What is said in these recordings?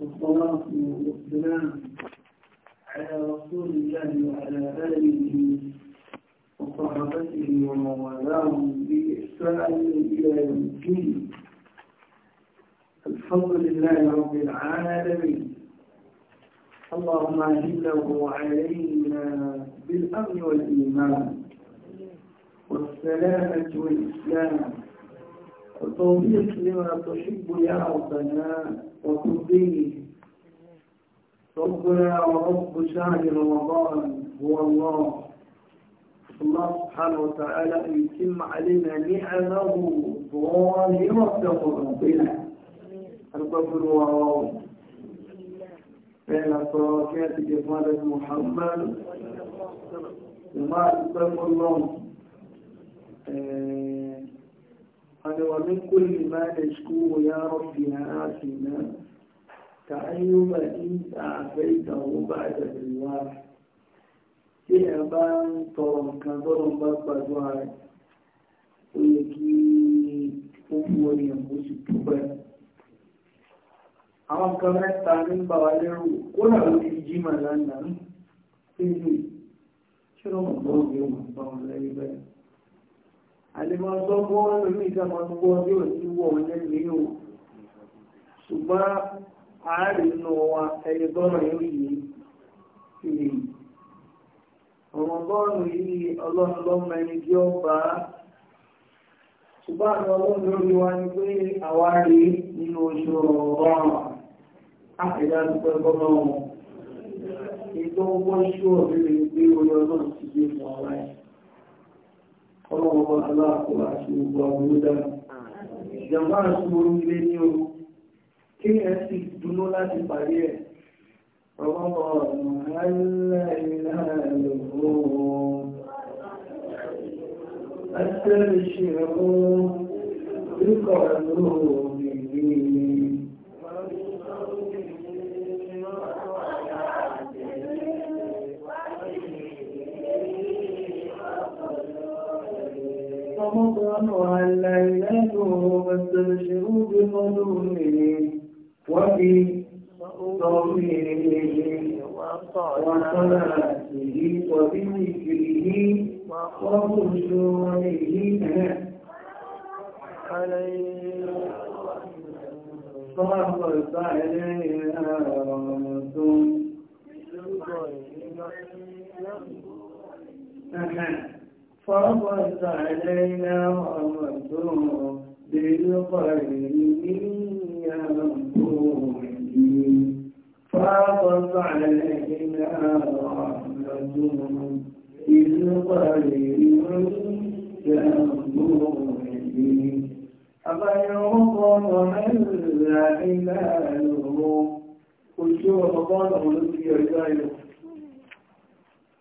والصلاة والسلام على رسول الله وعلى آله وصحابته ومن والاهم بإحسان إلى يوم الدين الحمد لله رب العالمين اللهم أهله علينا بالأمن والإيمان والسلامة والإسلام وتوفيق لما تحب يا ربنا وترضيه ربنا ورب شهر رمضان هو الله الله سبحانه وتعالى يتم علينا نعمه ظاهرة ربنا الغفر وراءه فعل الصلوات جمال محمد وما أكبر الله قال ومن كل ما نشكوه يا ربنا آتنا كأيما إن تعافيته بعد الواحد tí ẹ bá ń tọrọ nǹkan tọ́rọ bá gbàdúrà rẹ̀ ó yẹ kí ó fún ènìyàn kó sì tó bẹ́ẹ̀. àwọn nǹkan mẹ́ta ní bá wa lérò kódà ló ti jí màlá náà ń pè é ṣé lọ́mọ̀ bọ́ọ̀gì ó máa bá wọn lẹ́yìn bẹ́ẹ̀ àlèmọ́ ọgbọ́n lórí ìjọba gbogbo ọdún òní wọ̀ lẹ́nu yóò ṣùgbọ́n àárín inú wa ẹni gbọ́nà yóò yí sí i ọ̀rọ̀ bọ́ọ̀lù yìí ọlọ́run lọ́mọ ẹni tí ó bá ṣùgbọ́n àwọn ọlọ́run lórí wa ni pé àwa rí nínú oṣù ọ̀rọ̀ àfẹ́dá dúpẹ́ gbọ́nà wọn ètò owó oṣù ọ̀rẹ́ rẹ̀ gbé orí ọlọ́run ti gbé fún ọ̀rẹ́ ọlọ́wọ́ aláàkó àti ogun àbúrúdá ìjàmbá àṣùgbòrò ilé ní o kí ẹ sì dúró láti parí ẹ̀ ọgbọ́n ọ̀nà aláìláàlòrò أستبشروا بقلوب مني عن ليلته واستبشروا بقدومه وفي صومه وصلاته وبذكره وخشوعه عليه صلت عليها وانتم فضلت علينا ومدوم بالقرين ينبوه فضلت علينا ومدوم بالقرين ينبوه أفيرقم هل إلاله كل شيء رمضان ولد يجايله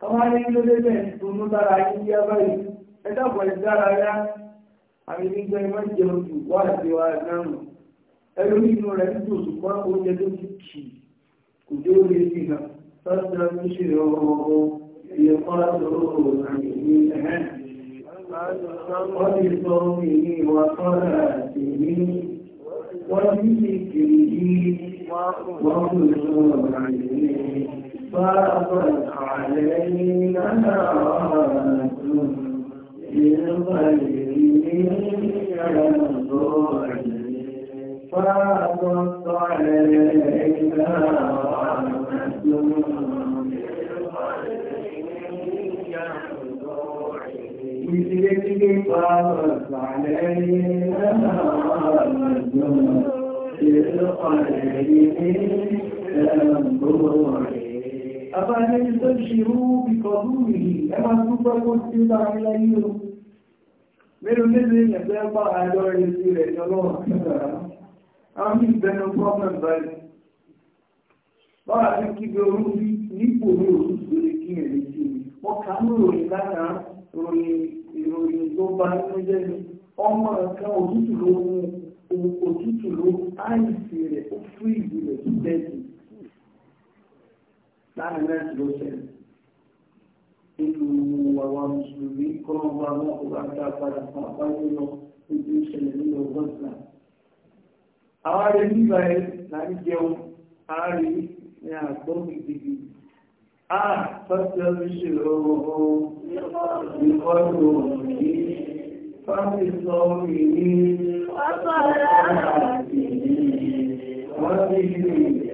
tọ́wọ́ ayé kí ló dé bẹ́ẹ̀ ní tòun ló dára ayé yá báyìí ẹ dàpọ̀ ẹ dára yá àmì nígbà ẹ má jẹ ojú wà àti wà náà ẹlú nínú rẹ̀ ń dùn ṣùgbọ́n oúnjẹ tó ti kì kò dé orí sí náà sọ́dọ̀ tó ṣe ọ̀rọ̀ iye kọ́lá tó rọrùn àmì ní ẹ̀hẹ́n wọ́n ti sọ èyí wà kọ́lá àti ní wọ́n ti ṣe kìrì yìí wọ́n kò sọ ọ̀rọ̀ àmì ní ẹ̀hẹ́n فأضل علينا فأضل علينا بذكر فأضل علينا رحمة للقلب الأنبوعي abájẹ́jú tó ṣe rú ìkọ̀lú yìí ẹ máa dúpẹ́ kó sí láàrin láyé o mélòó mélòó èèyàn fẹ́ bá àjọ rẹ̀ sí rẹ̀ lọ́wọ́ àwọn ìbẹnu problem báyìí bọ́ra ní kíbi orú bí nípò ní òtútù lè kí ẹ̀rí sí i wọ́n kà ń ròyìn láta ròyìn ìròyìn tó bá nínú jẹ́ ni ọmọ nǹkan òtútù ló mú òtútù ló áìsì rẹ̀ ó fún ìlú rẹ̀ tó bẹ́ẹ̀ sí láàrin mẹ́rin ló ṣẹlẹ̀ nínú àwọn mùsùlùmí kọ́nà bá wọn kó bá dá padà fún àbájọ lọ níbi ìṣẹ̀lẹ̀ nínú ọgbọ́n ìlà. àwọn arẹ nígbà yẹn là ń jẹun ààrẹ ní àgbọ̀n gidigidi. a fásitì ọdún ṣe rọrùn ọ̀hún ìfọ́nù ní fásitì sọ́ọ̀rì ní wọ́n sọ̀rọ̀ àti wọ́n sì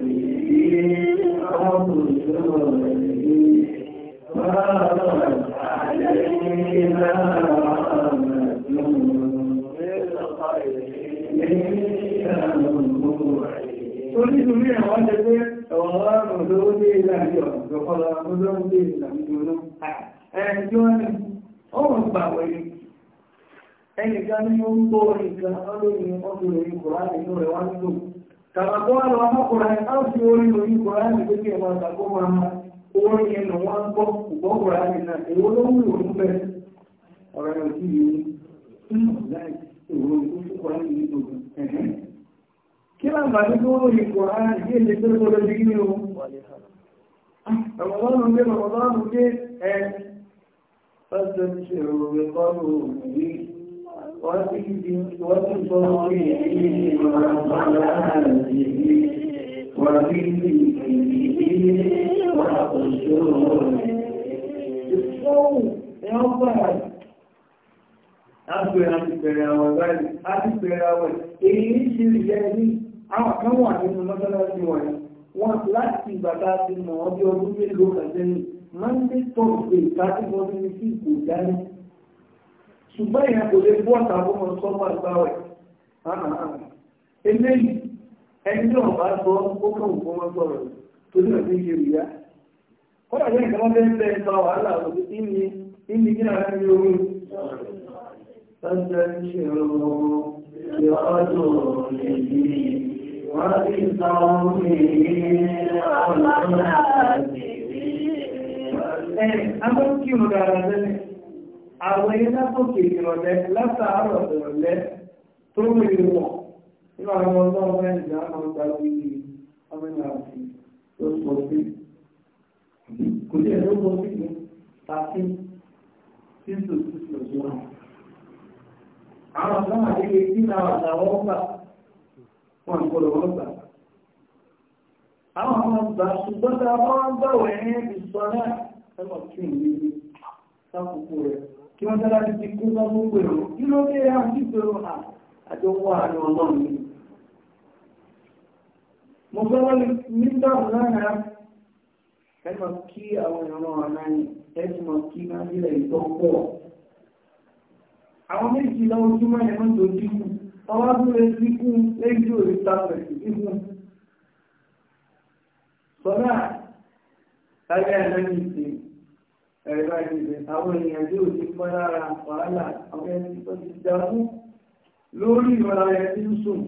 Ẹnìkan ní ó ń bọ́ ìgbà ọlọ́rin ọdún ìkùrá nínú rẹ̀ wá nílò Kàbàtọ́ wà lọ ọmọkùnrin á fi orí orí Kùránì tó kí ẹ̀mọ́ àtàkó máa ma orí ẹnu wọn ń gbọ́ kùgbọ́ Kùránì náà èwo ló wù lòún bẹ ọ̀rọ̀ ẹ̀ sí yìí ní hmm, láì èwo ló fún Kùránì yìí tó gùn. Kí láǹfààní tó wọ́n yìí Kùránì yìí lè tó Wọ́n láti ìgbàta ti mọ̀ ọdí ọdún mélòó kàtẹ́yìn, máa ń dé tọ́ọ̀fẹ́ ìtàkùn ọdún ní sí ìkò dání ṣùgbọ́n èèyàn kò lè bọ́ tàbí ọmọ àgbáwẹ̀ eléyìí ẹni náà bá sọ ó kàn fún wọn sọ̀rọ̀ torí ẹ̀ ní ṣe rìyá kọ́dà ní ìkan bẹ́ẹ̀ bẹ́ẹ̀ sọ wàhálà òbí ní kí náà ní orí sáńtẹ́ ṣe rọrùn ìwájú èyí wọ́n ti sọ omi ọlọ́run àti ìrìn. ẹ àwọn iná tó kè ìrọ̀lẹ́ látàárọ̀ ìrọ̀lẹ́ tó wèrè wọ̀ nínú àwọn ọlọ́run mẹ́rin náà máa ń gba bí ọmọ ìlà àti tó sọ sí kò jẹ́ ló sọ sí ní tàbí títù títù tó wà. àwọn ọ̀sán àdéhùn tí náà àtàwọn ọgbà wọn gbọdọ̀ wọn gbà. àwọn ọmọ ọgbà ṣùgbọ́n tá a máa ń gbàwẹ̀ ní ìsọ náà ẹ̀mọ̀ tún ìlú sákòókò rẹ̀ tí wọ́n tọ́lá ti kú lọ mú pèrò kí ló dé àwọn tí pèrò à àti owó àrùn ọlọ́run ni. mo fẹ́ wọ́n ní nígbà náà ẹ mọ̀ kí àwọn ìran ọ̀nà ẹ ti mọ̀ kí máa nílẹ̀ ìtọ́ pọ̀. àwọn méjì lọ́wọ́ tí wọ́n yẹ mọ́tò dínkù ọwọ́ abúlé dínkù lẹ́yìn òrí tapẹ̀ dínkù. sọ́dà táyà ẹ̀ lẹ́yìn ẹ̀rẹ́ bá ti bẹ̀ àwọn èèyàn tí ò ti pọ́ lára wàhálà àwọn ẹni tó ti dákú lórí ìrọ̀lá ẹ̀ tí ń sùn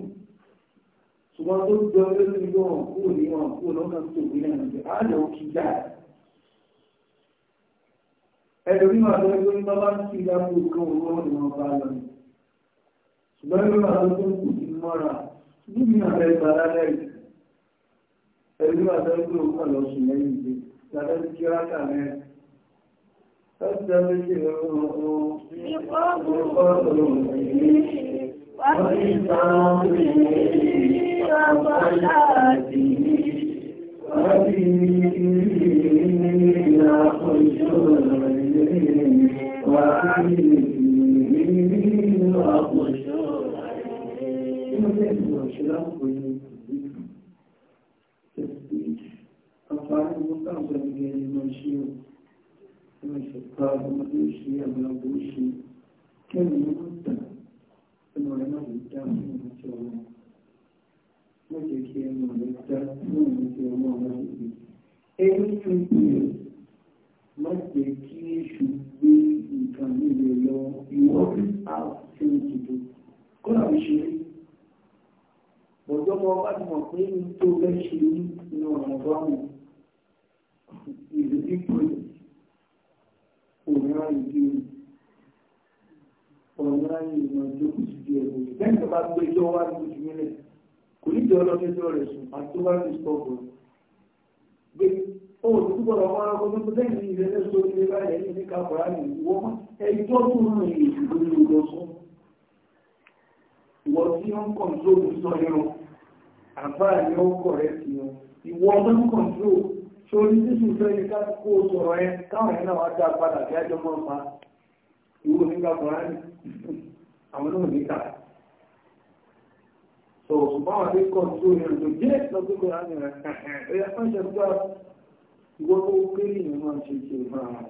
ṣùgbọ́n tó jọ lórí ìgbọ́ wọn kú ní wọn kú lọ́kàn tó gbé náà níbi àádọ́ kí já ẹ̀dùnmí máa tó ẹgbẹ́ nípa bá ń kí ìyàwó kan òun wọn ni wọn bá lọ ṣùgbọ́n ẹgbẹ́ máa tó tó kù sí mọ́ra níbi àbẹ̀ ìgbàlálẹ̀ ẹ̀dùnmí máa tó ẹgbẹ́ òun kan lọ فاستبشروا بقبولهم وبصومه وصلاته وبإيماننا خشوعه وعلمه Thank you ọmọ ìṣẹ̀tọ́ ọmọ tó ń ṣe àwọn ọmọ ìṣe kẹ́mi ní kò tà ẹnu rẹ̀ má lè dá fún ọmọ tí ọmọ wọ́n jẹ́ kí ẹnu rẹ̀ dá fún ọmọ tí ọmọ ọmọ é má jẹ́ kí èṣù gbé nǹkan nílé lọ ìwọ́ bí a ti ń dìbò kó làwọn ìṣeré bọ̀dọ́mọ bá ti mọ̀ pé ní tó bẹ́ ṣe ní ọ̀rọ̀ bá wọn ìlú pípọ̀ yìí òmíràn ìdí òmíràn ìmọ̀ tó kù sí díẹ̀ lórí lẹ́yìn tó bá gbé ẹjọ́ wá ní oṣù nílẹ̀ kò ní jẹ́ ọlọ́mẹjọ́ rẹ̀ sùn àti tó bá ti sọ ọ̀rọ̀ gbé ohun tó gbọ́dọ̀ wọn ọkọ̀ tó lẹ́yìn ní ìrẹ́lẹ̀ sọ ní ilé báyìí ẹ̀yìn ní káfọ́rá ní ìwọ́ ẹjọ́ tó ń rìn ìṣòro ní ọjọ́ sún tí ó ń kọ̀ǹtró torí sísun fẹ́ni ká kó sọ̀rọ̀ ẹ káwọn ẹ̀nà wá dá padà bí ajọ́ mọ́ pa ìwò nígbà kọ̀ọ̀rán àwọn náà níta so ṣùgbọ́n àwọn akẹ́kọ̀ọ́ tó yẹn tó jẹ́ lọ́gbẹ́kọ̀ọ́ láti rẹ̀ ẹ̀yà fún ìṣẹ̀gbà ìwọ́n tó kéré yẹn máa ṣe ṣe máa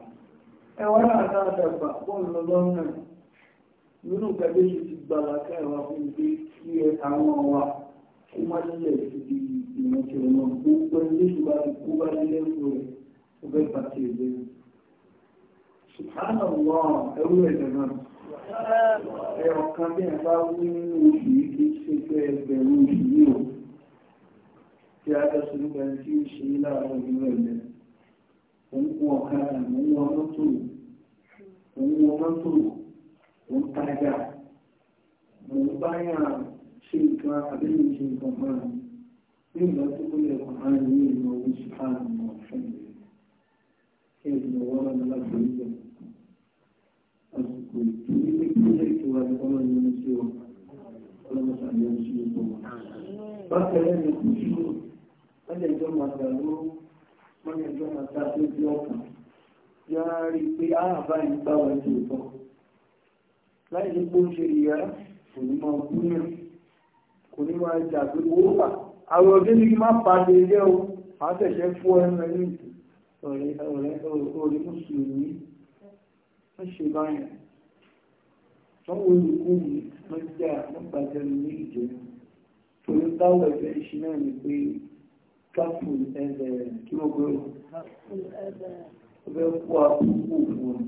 ẹ wá ìrántí ọmọ púpọ̀ ilé ìgbà ikú bá nílé ìlú rẹ̀ ó bẹ́ pàtí ìlú rẹ̀. Subhanallah ẹrú ẹ̀dẹ̀ náà. Ẹ ọ̀kan bí ẹ bá wí nínú oṣù yìí kì ṣe pé ẹgbẹ̀rún oṣù yìí o. Tí a jọ sọ nípa ẹni tí ó ṣe ní láàárọ̀ nínú ẹ̀dẹ̀. Òun kún ọ̀kan àmì ń wọ Òun wọ mọ́tò. Òun nígbà tó kó lè kàn án ní ìlú owó ṣùgbọ́n àwọn ọ̀fẹ́ kí ẹ̀sìn ọwọ́ náà láti rí bẹ̀rẹ̀ àsìkò ìdílé ìpínlẹ̀ ìtura ní ọlọ́run ní sí ọ ọlọ́run sàlẹ̀ ń sí ipò wọn. bákan náà ni kò sí ọjọ́ ìjọ máa dàrú wọ́n yẹ ìjọ máa dá sí ojú ọkàn ṣe ìyá kò ní máa kú náà kò ní máa jà pé owó pàtó àwọn òbí ní kí má pa ilé o má tẹ̀sẹ̀ fún ẹnu ẹni ọ̀rẹ́ ọ̀rẹ́ ọ̀rẹ́ mùsùlùmí ṣe báyìí wọ́n wo olùkú mi wọ́n jẹ́ àmọ́gbàjẹ́ mi ní ìjẹun torí táwọn ẹgbẹ́ iṣẹ́ náà ni pé káfù ẹ̀ẹ́dẹ̀ kí wọ́n gbé wọn. ọbẹ̀ kó àkókò fún wọn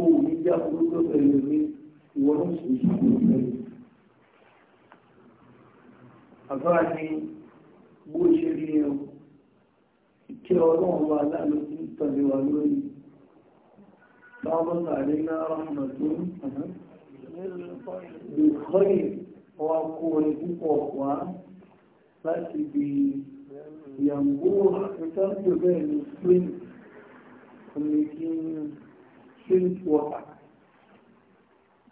òun ní jẹ́ àkókò pẹ̀lú mi ìwọ́n sì ń ṣàkóso pẹ̀lú. ni. bó ṣe rí ẹ o ìkẹ́ ọlọ́run wa láàrín tí ń tọ̀lé wa lórí báwọn àrí náà rọ̀mọ̀ tó lè kọ́yì wa kó orí púpọ̀ wá láti bí ìyàmbó ìtàkì bẹ́ẹ̀ ní spring omi kí ń spring water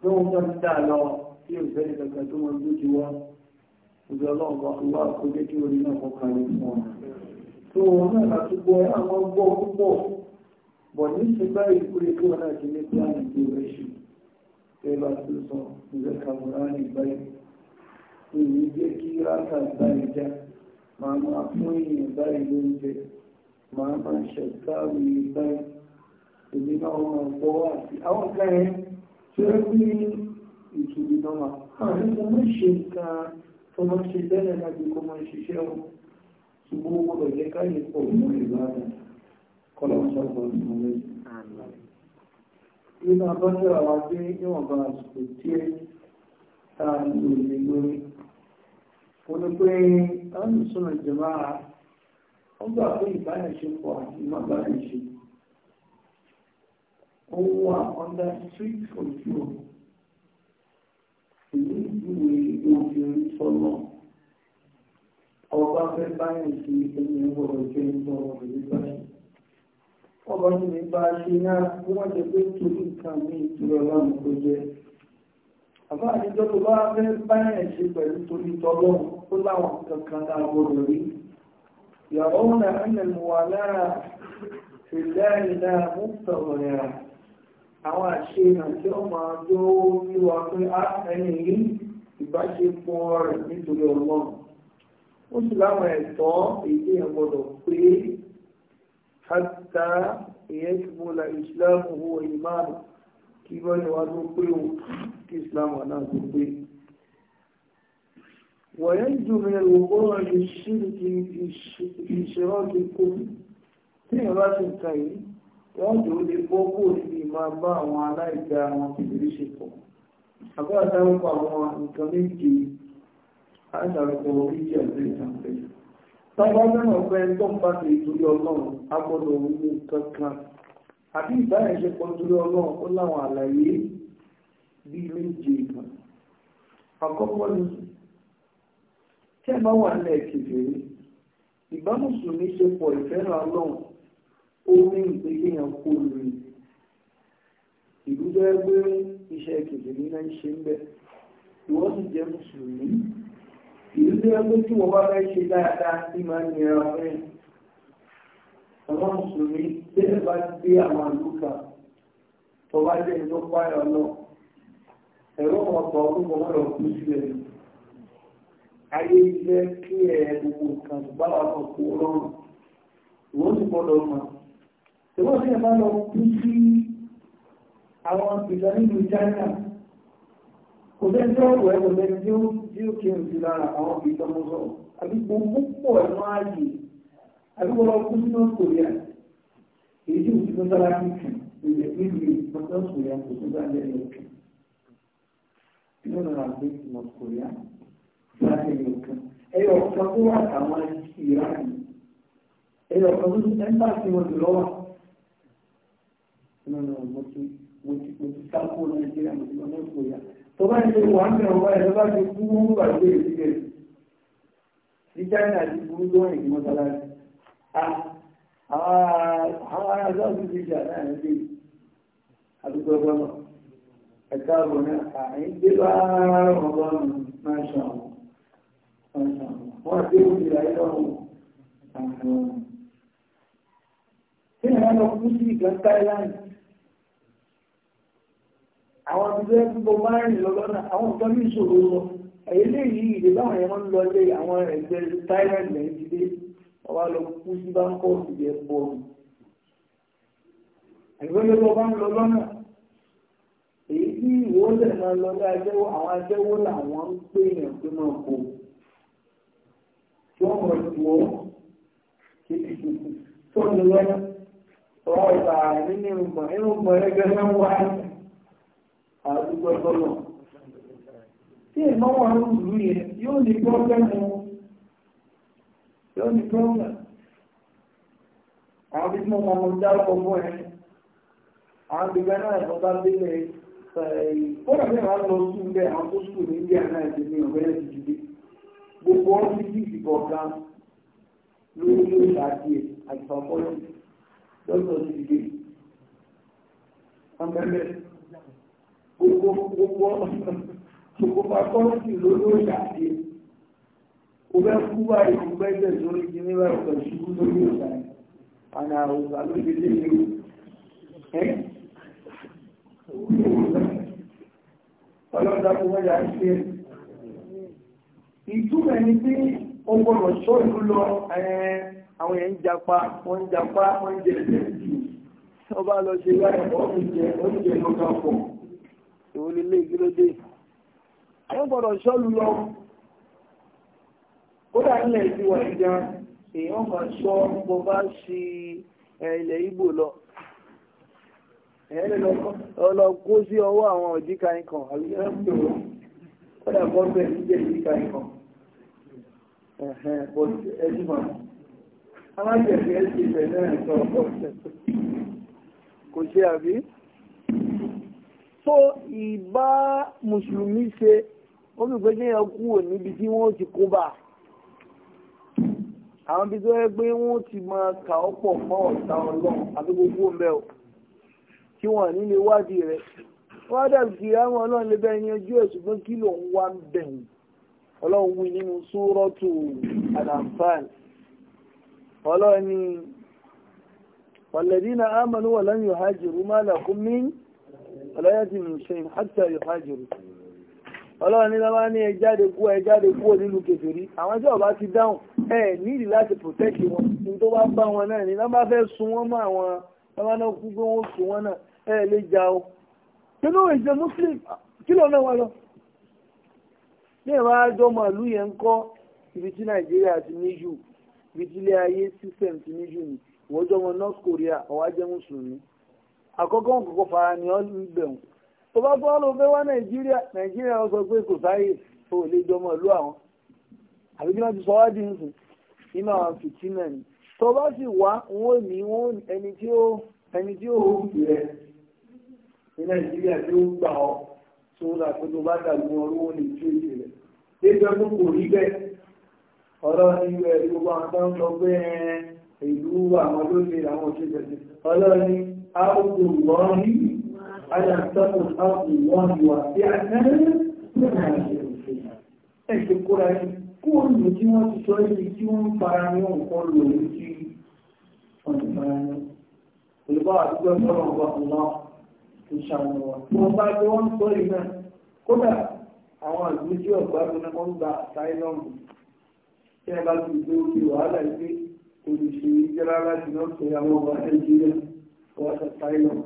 lóhun tó ń dà lọ tí ò fẹ́ ìgbàgbà tó wọn lójú wa. ìjọ ọlọ́ọ̀bọ̀ àwọn àkójé kí orí náà kọkà ní fún ọ̀nà tó wọn náà láti gbọ́ àwọn gbọ́ púpọ̀ bọ̀ ní ṣe báyìí kúrè kí wọn náà ti ní pílánì tí ó rẹ̀ ṣù ẹ bá tó sọ ìrẹ́ kàbùránì báyìí èyí jẹ́ kí rákà báyìí já màá máa fún èèyàn báyìí lóúnjẹ màá máa ṣẹ̀káwì báyìí èmi náà máa gbọ́ wà sí àwọn kan tí ó rí ìtùbí náà máa àwọn ìṣe nǹkan tó máa ń ṣe bẹ́ẹ̀ láti kó máa ń ṣiṣẹ́ wọn ṣùgbọ́n owó rẹ̀ jẹ́ káyé pọ̀ mọ́ ìbára kọ́lá ṣàkóso ìmọ̀ lẹ́sìn. nínú abọ́jọ́ àwọn gbé níwọ̀nba àsìkò tí ẹ ta ní òní lórí ó ní pé alùsùn ìjọba ó gbà pé ìbáraẹ̀ṣepọ̀ àti ìmọ̀báraẹ̀ṣe ó wà under strict control èyí ìwé obìnrin sọ́nà ọba fẹ́ báyìí sí ẹni ọgbọ̀rọ̀ jẹ́ ìgbọ̀rọ̀ ìlú báyìí ọba ní mi bá ṣe náà bí wọ́n jẹ pé torí nǹkan ní ìtura ọlọ́run tó jẹ́ àbá àtijọ́ tó bá fẹ́ báyìí ṣe pẹ̀lú torí tọ́lọ́run ó láwọn kankan náà gbọdọ̀ rí ìyàwó náà ẹnìmọ̀wá náà ìlẹ́yìn náà mú sọ̀rọ̀ àwọn àṣehàn tí wọ́n máa tó ní wa pé á ẹni yìí ìbáṣepọ̀ rẹ̀ nítorí ọlọ́run ó sì láwọn ẹ̀tọ́ èdè yẹn gbọ́dọ̀ pé hátà ìyẹn ti mú la ìsìláàmù owó ìmáàmù kí wọ́n ní wa tó pé o kí ìsìláàmù náà tó pé. wọ̀nyẹn jù mí òkú ọ̀rọ̀ ìṣirò kí ìṣirò kí kú tí ìyẹn bá ti ń ta yìí. wọ́n jò ó lè bọ́ kó ma máa bá àwọn aláìgbà àwọn kìbìrì ṣe pọ̀ àbúrò dárúkọ àwọn nǹkan méjì àìsàrúkọ oríṣi ọ̀sẹ̀ ìtànfẹ́ tọ́gbọ́n náà fẹ́ tó ń bá ti ìtúrí ọlọ́run agbọ́dọ̀ owó kankan àbí ìtúrí ọlọ́run ó láwọn àlàyé méje kan àkọ́kọ́ ni tí ẹ bá wà ṣe pọ̀ ìfẹ́ràn ọlọ́run ó ní ìpè kéèyàn kó lórí ìlú tó yẹ pé iṣẹ́ kìkìrì náà ṣe ń bẹ ìwọ́n sì jẹ́ mùsùlùmí ìlú tó yẹ pé tí wọ́n bá fẹ́ ṣe dáadáa sí máa ń nira fẹ́ àwọn mùsùlùmí tẹ́lẹ̀ bá gbé àwọn àlùkà tó bá jẹ́ ìlú páyọ̀ náà ẹ̀rọ ọ̀pọ̀ ọdún kan lọ kú sílẹ̀ ni ayé jẹ́ kí ẹ gbogbo Ṣèwọ́n sí ẹ̀fà lọ kú sí àwọn ìjọ nínú China. Kò fẹ́ tó ọ̀rọ̀ ẹ̀kọ́ lẹ́nu tí ó tí ó kí òsì lára àwọn ìjọ mọ́ sọ. Àbí gbogbo ẹ̀mọ́ ààyè. Àbí lọ kú sí North Korea. Èyí tí òsì tó dára ní kì ilẹ̀ nílùú North Korea kò tó dára lẹ́nu òkè. Inú nàrà pé North Korea dára lẹ́nu òkè. Ẹyọ̀ ọ̀kan tó wà àtàwọn ìran. Ẹyọ̀ ọ̀kan tó ti ẹ̀ nínú mọ́tí mọ́tí sáàkó nàìjíríà mọ́tí lọ mọ́tí kò yá tó bá ń ṣe wà ń bẹ̀rẹ̀ wáyé lọ́ba ti kú wọ́n wà lórí ìdílé ní china ti burú tó wọ́n ìgbìmọ̀ sáláàtì àwọn ará sọ́ọ̀tù ti ṣe àná ẹ̀ ṣe àdúgbò ọgbọ́nà ẹ̀ka ọ̀rọ̀ náà àyín gbé bá ọgbọ́n máa ṣe àwọn wọ́n ti ń ṣe ayé lọ́wọ́ àwọn. Kí ni wọ́n sí ìgbà Thailand? àwọn ọdún ẹgbẹ́ gbogbo márùn-ún lọ́lọ́nà àwọn nǹkan ní ìṣòro lọ eléyìí ìdèbá àwọn ẹ̀rọ ń lọ lé àwọn ẹgbẹ́ thailand lẹ́yìn ti dé ọba lọ kú sí báńkọ́ọ̀tù yẹn bọ́ọ̀lù àgbẹ̀lẹ̀ lọ bá ń lọ lọ́nà èyí tí ìwọ́lẹ̀ máa lọ ní ajẹ́wọ́ àwọn ajẹ́wọ́ làwọn ń pè yàn pé máa kó tí wọ́n mọ̀ ju ọ́ tó ń lọ lọ́nà ọ̀rọ̀ ìgbà nínú ìrùngbọ̀n ìrùngbọ̀n ẹgbẹ́ àdúgbò tọ́lọ̀ tí ìmọ̀wọ̀ àrùn ìlú yẹn yóò ní pọ́blẹ́mù yóò ní pọ́blẹ́mù àwọn bíbí ọmọ ọmọ dárúkọ fún ẹ àwọn bíbí náà ẹ̀fọ́ bá délé kódà bí àwọn lọ sùn bẹ́ẹ̀ àwọn tó sùn ní ilé àná ẹ̀sìn ní ọ̀gbẹ́ ẹ̀sìn gbogbo pàtọ́ọ̀sì lólórí àti òbẹ́ kú báyìí kò gbẹ́jẹ̀ sórí kí ní báyìí pẹ̀lú ṣubú lórí ọ̀sà àná àwòsà ló fi lé ní ọlọ́dà tó wáyà ṣe ìtumẹ̀ ni pé ó gbọ́dọ̀ ṣọ́ ìlú lọ àwọn èèyàn ń japa wọ́n ń japa wọ́n ń jẹ ẹ̀jẹ̀ ọba lọ ṣe láì ọ̀rùn jẹ oúnjẹ lọ́kàn pọ̀ lélẹ̀ ìgbélódé wọ́n gbọ́dọ̀ ṣọ́lù lọ kódà ilẹ̀ ìdíwọ̀ ìjà èèyàn máa ṣọ́ bó bá ṣe ilẹ̀ Ìgbò lọ ẹ̀yẹ́ lọ kó sí ọwọ́ àwọn òjíkà ikàn àbí ẹ̀rọ kódà kọ́ bẹ̀rẹ̀ sí jẹ́ òjíkà ikàn ẹ̀hẹ́n bọ́ ẹjú mọ́ alájẹ̀fẹ́ ẹ̀sìn ìfẹ́ náà sọ ọ̀pọ̀ kò ṣe àbí so ìbá mùsùlùmí ṣe ó fi pé kéèyàn kúrò níbi tí wọ́n ti kó bá àwọn ibi tó yẹ pé wọ́n ti máa kà ọ́ pọ̀ mọ́ ọ̀tá ọlọ́run àti gbogbo ń bẹ́ o kí wọ́n nílé wádìí rẹ̀ wọ́n dàbí kí àwọn ọlọ́run lè bẹ́ẹ̀ yanjú ẹ̀ ṣùgbọ́n kí lòun wá ń bẹ̀rù ọlọ́run wí nínú súrọ́tù àlàǹfààní ọlọ́run ni wàlẹ́dínà ámàlú lẹ́yìn ìhájì rúmálà kún mí ọ̀lọ́yẹ́ ti mú ṣe àtà ìhajìrì ọlọ́run ní lọ́wọ́ ní ẹjáde kú ẹjáde kú nínú kèfèrí àwọn tí ọba ti dáhùn ẹ nídìí láti pòtẹ́kì wọn ní tó bá bá wọn náà ní lọ́wọ́ fẹ́ sun wọn mọ́ àwọn lọ́wọ́ náà kú pé wọ́n sun wọn náà ẹ lè jà o nínú ìṣe muslim kí lọ́nà wọn lọ. ní ìwà àjọ màálù yẹn ń kọ́ ibi tí nàìjíríà ti ní jù ibi tí ilé ayé system ti ní jù ní ìwọ́jọ́ wọn north korea ọ̀wá jẹ́ mùsùlùmí àkọ́kọ́ kòkó fara ni ọ́ gbẹ̀hùn tó bá tó lọ fẹ́ wá nàìjíríà nàìjíríà sọ pé kò sáyè tó lè jọmọ ìlú àwọn àbí bí wọ́n ti sọ wá dín sùn nínú àwọn fìtínà ni tó bá sì wá wọn ò ní wọn ẹni tí ó ẹni tí ó hù rẹ ní nàìjíríà tí ó gbà ọ tó ń ràpé tó bá dàgbù wọn lówó ní ìtú èsì rẹ ẹgbẹ́ tó kò rí bẹ́ẹ̀ ọ̀rọ̀ ni ẹ̀ gbogbo àwọn tó ń sọ pé ìlú àwọn ló àwọn òṣèlú ọlọ́ọ̀ni أرض الله ألم تكن الله واسعة فمهاجروا فيها ẹ̀ṣẹ̀ kóra ẹ̀ kóòlù tí wọ́n ti sọ ibi tí wọ́n ń fara ní nǹkan lò ní tí wọ́n ti fara ní. olùbá àdúgbò sọ̀rọ̀ ọ̀gbà ọ̀la tó ṣàánú wa. wọ́n àwọn àdúgbò tí ọ̀gbà mi wọ́n gba àtàìlọ́mù tí ẹ bá ti gbé òkè wàhálà ìgbé olùṣèlú jẹ́rẹ́ aláṣẹ náà sọ àwọn ọba nàìjíríà wọ́n ṣe asylum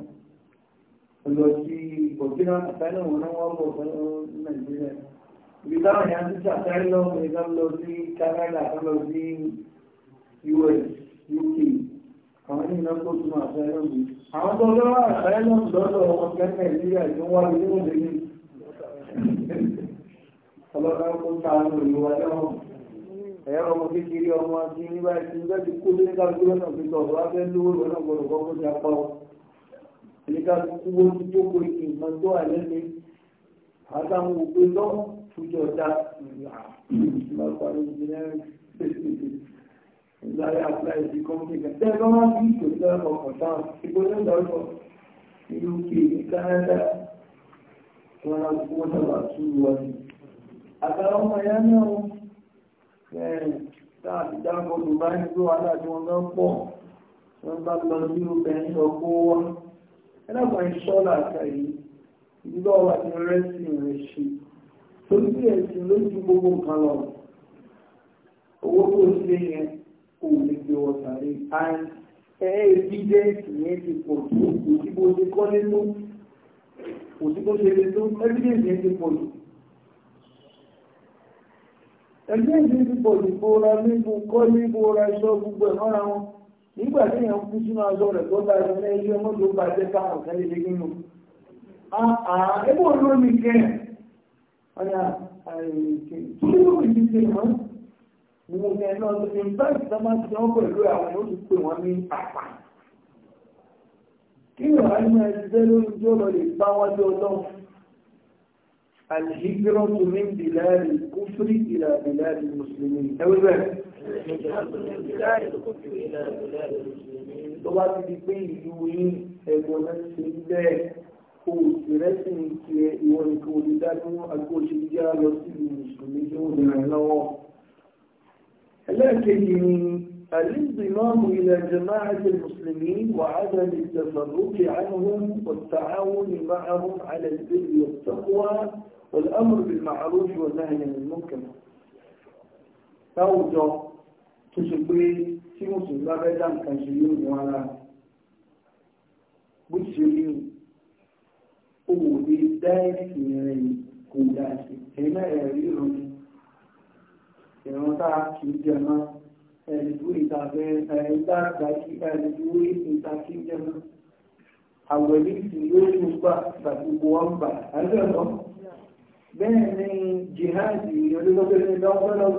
lọ sí burkina asylum wọn náà wọ́n bọ̀ fún nàìjíríà ibi táwọn yẹn ti ṣe asylum ẹ̀ka lọ sí canada ẹ̀ka lọ sí us uk àwọn ní iná tó túnmọ̀ asylum yìí àwọn tó lọ́wọ́ asylum lọ́dọ̀ wọn kẹ́ nàìjíríà tó wá lórí wọn lè ọlọ́dọ̀ kó sáà lórí wa lọ́wọ́ ẹ̀rọ ọmọ kékeré ọmọ ti ní báyìí tí nígbà tí kó lóníkà tó lọ́nà pé tọ̀ wá fẹ́ lówó lọ́nà gbọ́dọ̀ kọ́kọ́ ti apá ọ. Ẹ̀lẹ́ka kúwó ti jókòó ìkì ìmọ̀ tó wà lẹ́nu. Àtàwọn òpè lọ́ fújọ dá. Ìgbàlẹ̀ àpláì sí kọ́mpútà. Bẹ́ẹ̀ lọ́ máa ń bí ìtòsílẹ̀ ọkọ̀ táwọn. Ìgbọ́dọ̀ láti dákọ̀ olùbá ní pé wàhálà tí wọ́n náà pọ̀ wọ́n bá lọ sí obìnrin ọkọ̀ wa ẹlẹ́gbọ̀n ìṣọ́lá àtàyè ìdílé ọwà ti rẹ́sìn rẹ̀ ṣe torí bí ẹ̀sìn ló ju gbogbo nǹkan lọ owó tó ṣe yẹn kò lè gbé wọn sàrí evidence yẹn ti pọ̀ tó kò sí bó ṣe kọ́ nínú kò sí bó ṣe lè tó evidence yẹn ti pọ̀ ẹgbẹ́ ìdí ìdìbò ìdìbò ra níbu kọ́ níbu ra iṣọ́ gbogbo ẹ̀ mọ́ra wọn nígbà tí èèyàn kú sínú aṣọ rẹ̀ tó bá ẹ̀rọ ní ilé ọmọ tó bá jẹ́ káwọn kan lè nínú ẹgbẹ́ olóró mi kẹ́ ọ̀yà àìkè tí ó lè fi ṣe mọ́ ni mo kẹ́ náà tó fi ń bá ìsọ́mọ́ ti wọ́n pẹ̀lú àwọn yóò ti pè wọ́n ní pàpà kí ìrọ̀ àìmọ̀ ẹ̀ ti fẹ́ lórí lọ lè bá wájú ọlọ́run الهجرة من بلاد الكفر إلى بلاد المسلمين أو الباب من بلاد الكفر إلى بلاد المسلمين طبعا تبين يوين المنسل الله òṣèrẹ́sìn ti ìwọ̀n nǹkan olùdájú agbóṣèjá lọ sí mùsùlùmí tó ń rìn lọ́wọ́. ẹlẹ́ẹ̀kejì ni الانضمام إلى جماعة المسلمين وعدم التفرق عنهم والتعاون معهم على البر والتقوى والأمر بالمعروف والنهي عن المنكر láwùjọ tó ṣe pé tí mùsùlùmí bá fẹ́ dá nǹkan ṣe yóò yan ara bó ṣe rí owó lè dá ẹ̀sìn rẹ̀ kò dá sí ẹ̀yìn náà ẹ̀rọ ìrọ̀ ni ẹ̀rọ tá a kì í jẹ mọ́ ẹ̀rọ ìdúró ìtàfẹ́ ẹ̀rọ ìtàgbà kí ẹ̀rọ ìdúró ìta kì í jẹ mọ́ àwẹ̀lì ìsìn yóò tún gbà gbàgbogbo wọn gbà àdúgbò náà bẹ́ẹ̀ ni jihadi olùgbọ́gbẹ́ni lọ́gbọ́lọ́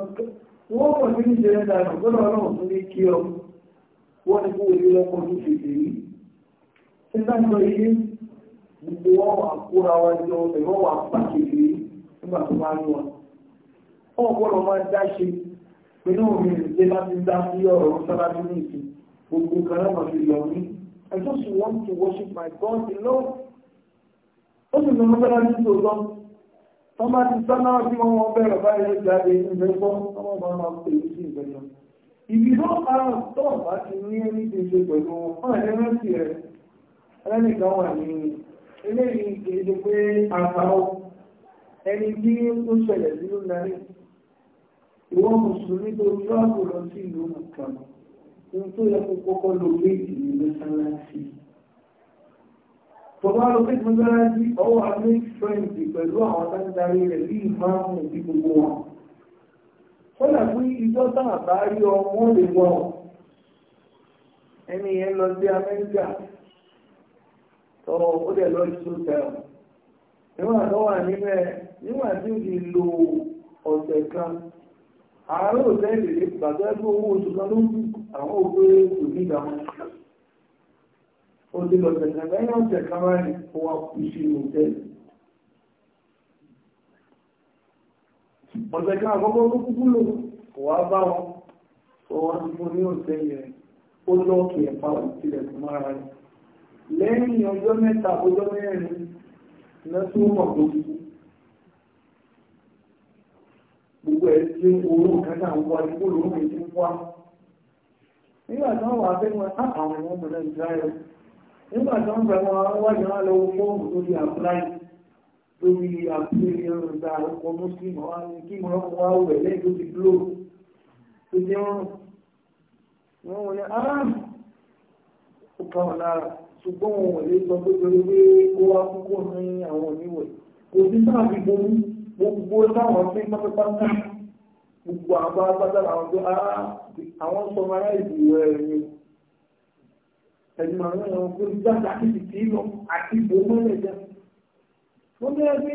wọ́n pọ̀ sí ìṣẹ̀lẹ̀ dànù gbọ́dọ̀ ọlọ́run tún ní kí ọ wọ́n ní kó orí lọ́pọ̀ tó fi dèrí tí bá ń lọ ilé gbogbo wọn wà kóra wọn jọ ẹ̀rọ wà pàkìrì nígbà tó bá ń wọn wọn gbọ́dọ̀ máa dá ṣe pẹ̀lú omi ìrìnlẹ̀ láti dá sí ọ̀rọ̀ mọ́sálásí ní ìsìn gbogbo kan náà fi yọ mí I just want to worship my God alone ó sì lọ mọ́sálásí tó lọ́wọ́ wọ́n bá ti sọ́nà tí wọ́n wọ́n bẹ̀rẹ̀ báyìí jáde ìgbẹ́gbọ́n tọ́wọ́ bá máa pè é sí ìgbẹ́gbọ́n ìbí tó parọ́ tó bá ti ní ẹni tí ṣe pẹ̀lú wọn ẹni rántí rẹ̀ ẹlẹ́nìkan wà ní eléyìí kéde pé àtàwọn ẹni tí ó ṣẹlẹ̀ sí ló darí ìwọ́n mùsùlùmí tó yọ àpò lọ sí ìlú nìkan ohun tó tó bá lọ pé tó dára sí ọwọ́ amíṣẹ́ǹtì pẹ̀lú àwọn tándarí rẹ̀ bí ìmáàmù sí gbogbo wọn kọ́nà fún ìjọ táà bá rí ọmọ lè wọ́n ẹni yẹn lọ sí amẹ́ríkà tọrọ ó dẹ̀ lọ sí sọ́tẹ̀ọ̀ níwọ̀n tó wà níbẹ̀ níwọ̀n tí ó ti lo ọ̀sẹ̀ kan àárò tẹ́lẹ̀ gbàgbẹ́ owó oṣù kan ló ń àwọn òpin kò ní ìdáhùn ó dé lọ tẹ̀sán lẹ́yìn ọ̀sẹ̀ kan wá ní kó wá kú sí hòtẹ́ẹ̀lì ọ̀sẹ̀ kan àkọ́kọ́ tó kúkú lò kò wá bá wọn ó wá fún ní ọ̀sẹ̀ yẹn ó lọ́ọ̀kì ẹ̀fà òtílẹ̀ fún ara rẹ̀ lẹ́yìn ọjọ́ mẹ́ta ọjọ́ mẹ́rin lọ́tún mọ̀ tó kú gbogbo ẹ̀ tí owó kẹta ń wá ní gbogbo ẹ̀ tí ń wá nígbà tí wọ́n wà fẹ́ wọn ah, àwọn ọmọ nígbà tó ń bẹ̀rẹ̀ wọn wájú wọn lọ fóònù lórí àpúláì lórí àpúláì ọ̀rọ̀dà ọkọ̀ muslim wọn ni kí wọn wá wẹ̀ lẹ́yìn tó ti dúró tó jẹ́ wọn wọn wọlé aráàlú ah! ó kà wọn lára ṣùgbọ́n wọn wọlé sọ pé torí pé kó wá kókó ní àwọn oníwẹ̀ kò sí sáà fi bomi gbogbo táwọn fi pátápátá gbogbo àwọn bá bá dára àwọn ah! àwọn sọmọ aláìsí wẹ̀ ẹ̀yìn ẹ̀yìn àwọn ẹ̀rọ kó dídá sàkíyèsí tí lọ àti ìbò mọ́lẹ̀ jẹ́. wọ́n bẹ́ẹ̀ bí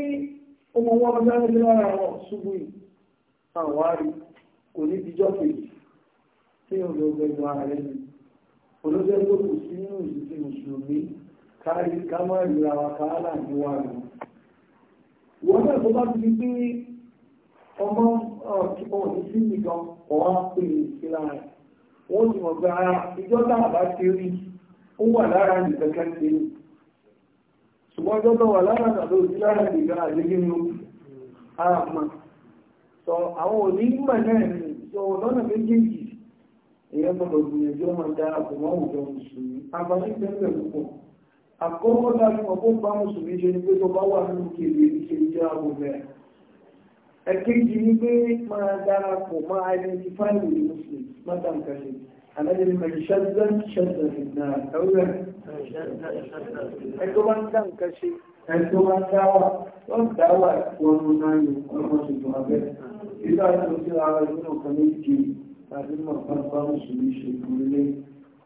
ọmọ wọn bá ń lára wọn ṣubú yìí àwọn àárí kò ní ìdíjọ́ kejì tí yóò lọ gbẹ̀nu ara rẹ̀ ni. olóṣèlú tó kù sí nínú ìdíje mùsùlùmí kárí ká má ríra wa káálà ní wa rẹ̀. wọ́n náà tó bá ti di pé ọmọ ọ̀hún sí nìkan ọ̀hún á pè é sí lára wọ́n ti mọ̀ pé ara ah, ìjọ́ tá ti rí i ó wà lára nìkan kan ṣe ní ṣùgbọ́n gbọ́dọ̀ wà lára tàbí òsì lára nìkan àdéhùn ní àmà sọ àwọn onígbà náà ní sọ lọ́nà méjèèjì èèyàn gbọ́dọ̀ gbìyànjú ọmọ dá àbùmọ́ òjò mùsùlùmí àbájú tẹ́lẹ̀ púpọ̀ àkọ́kọ́ dájú ọgbọ́n bá mùsùlùmí ṣe ní pé tó máa dára pọ̀ máa identify with muslims mọ́tà nǹkan ṣe أنا أدري من شذا شذا في النار أولا أنتم أنتم كشي أنتم الدعوة والدعوة والمنان والمسجد أبدا إذا أنتم على الجنة كميتي ما الخطاب سبيش الكلي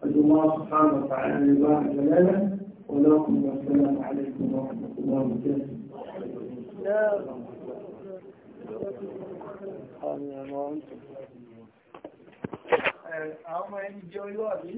أدعو الله سبحانه وتعالى لله جلاله ولكم السلام عليكم ورحمة الله وبركاته آمين وأنتم àwọn ọmọ ẹni jẹ olúwàbí